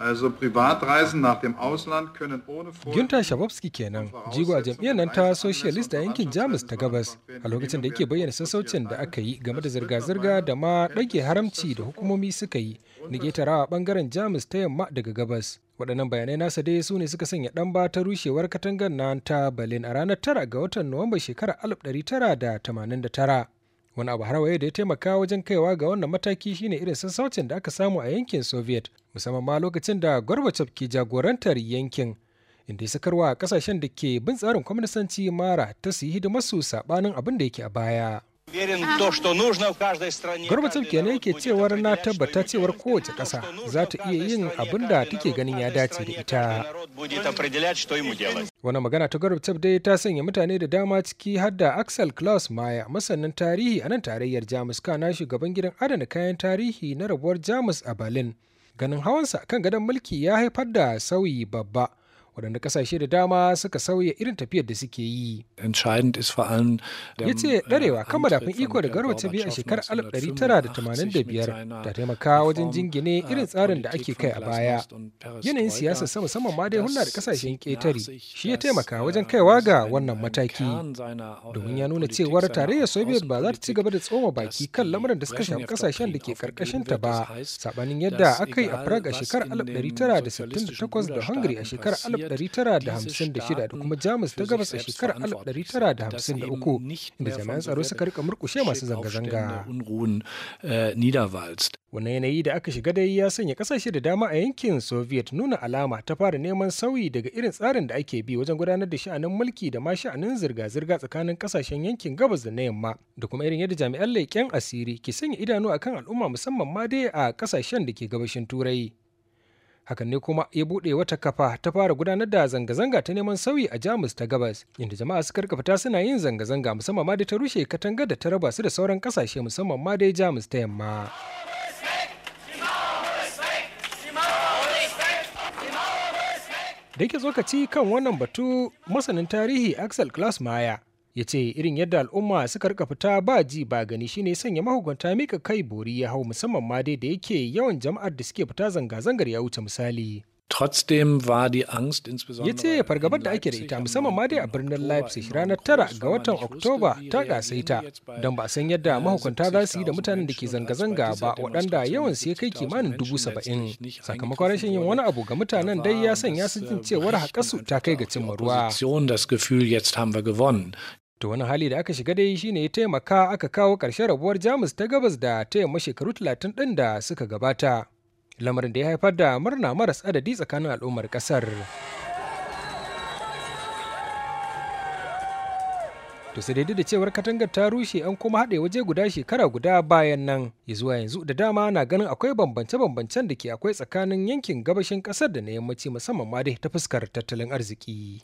Also Privatreisen nach dem Schabowski kenan, jigo a jam'iyyar nan ta Socialist a yankin Jamus ta Gabas, a lokacin da yake bayyana sassaucin da aka yi game da zirga-zirga da ma ɗage haramci da hukumomi suka yi na getarawa ɓangaren Jamus ta yamma daga Gabas. Waɗannan bayanai nasa dai su ne suka sanya ɗan ba ta rushewar katangar nan ta Berlin a ranar tara ga watan Nuwamba shekarar 1989. Wani abu har da ya taimaka wajen kaiwa ga wannan mataki shine irin sassaucin da aka samu a yankin Soviet musamman ma lokacin da gorbachev ke jagorantar yankin inda ya sakarwa kasashen da ke bin tsarin kwamnisanci mara ta su yi su sabanin abin da yake a baya Gorbachev kenan yake cewar na tabbata cewar kowace kasa za ta iya yin abin da take ganin ya dace da ita. Wani magana ta Gorbachev dai ta sanya mutane da dama ciki har da Axel Klaus Maya masanin tarihi a nan tarayyar Jamus kana shugaban gidan adana kayan tarihi na rabuwar Jamus a Berlin. ganin hawansa kan gadon mulki ya haifar da sauyi babba waɗanda ƙasashe da dama suka sauya irin tafiyar da suke yi. Ya ce äh, ɗarewa kan madafin iko da garwa ta biyu a shekarar 1985 ta taimaka wajen jingine äh, irin tsarin da ake kai a baya. Yanayin siyasa sama saman ma dai hulɗa da ƙasashen ƙetare shi ya taimaka äh, wajen kaiwa ga wannan mataki. Domin ya nuna cewar tarayyar Soviet ba za ta ci gaba da tsoma baki kan lamarin da suka shafi ƙasashen da ke karkashin ta ba, saɓanin yadda aka yi a Prague a shekarar 1968 da Hungary a shekarar 1956 da kuma Jamus ta gabas a shekarar 1953 inda jami'an tsaro suka rika murkushe masu zanga-zanga. Äh, Wannan yanayi da aka shiga dai ya sanya kasashe da dama a yankin Soviet nuna alama ta fara neman sauyi daga irin tsarin da ake bi wajen gudanar da sha'anin mulki da ma sha'anin zirga-zirga tsakanin kasashen yankin gabas da na yamma da kuma irin yadda jami'an leƙen asiri ke sanya idanu akan al'umma musamman ma dai a kasashen da ke gabashin Turai. hakan ne kuma ya buɗe wata kafa ta fara gudanar da zanga-zanga ta neman sauyi a jamus ta gabas inda jama'a suka rika fita suna yin zanga-zanga musamman ma da ta rushe katanga da ta raba su da sauran kasashe musamman ma dai jamus ta yamma da yake tsokaci kan wannan batu masanin tarihi axel klaus maya ya ce irin yadda al'umma suka rika fita ba ji ba gani shine sanya mahukunta mika kai bori ya hau musamman ma dai da yake yawan jama'ar da suke fita zanga-zangar ya wuce misali ce fargabar da ake da ita musamman ma dai a birnin leipzig ranar tara ga watan oktoba ta kasaita don ba san yadda mahukunta za su yi da mutanen da ke zanga-zanga ba waɗanda yawan su ya kai kimanin dubu saba'in sakamakon rashin yin wani abu ga mutanen dai ya sanya su jin cewar haƙasu ta kai ga cimma ruwa To wani hali da aka shiga dai shine ya taimaka aka kawo ƙarshen rabuwar Jamus ta gabas da ta yamma shekaru 30 ɗin da suka gabata. lamarin da ya haifar da murna maras adadi tsakanin al'ummar kasar to sai daidai da cewar katangar ta rushe an kuma haɗe waje guda shekara guda bayan nan zuwa yanzu da dama na ganin akwai bambance-bambancen da ke akwai tsakanin yankin gabashin ƙasar da na yammaci musamman ma dai ta fuskar tattalin arziki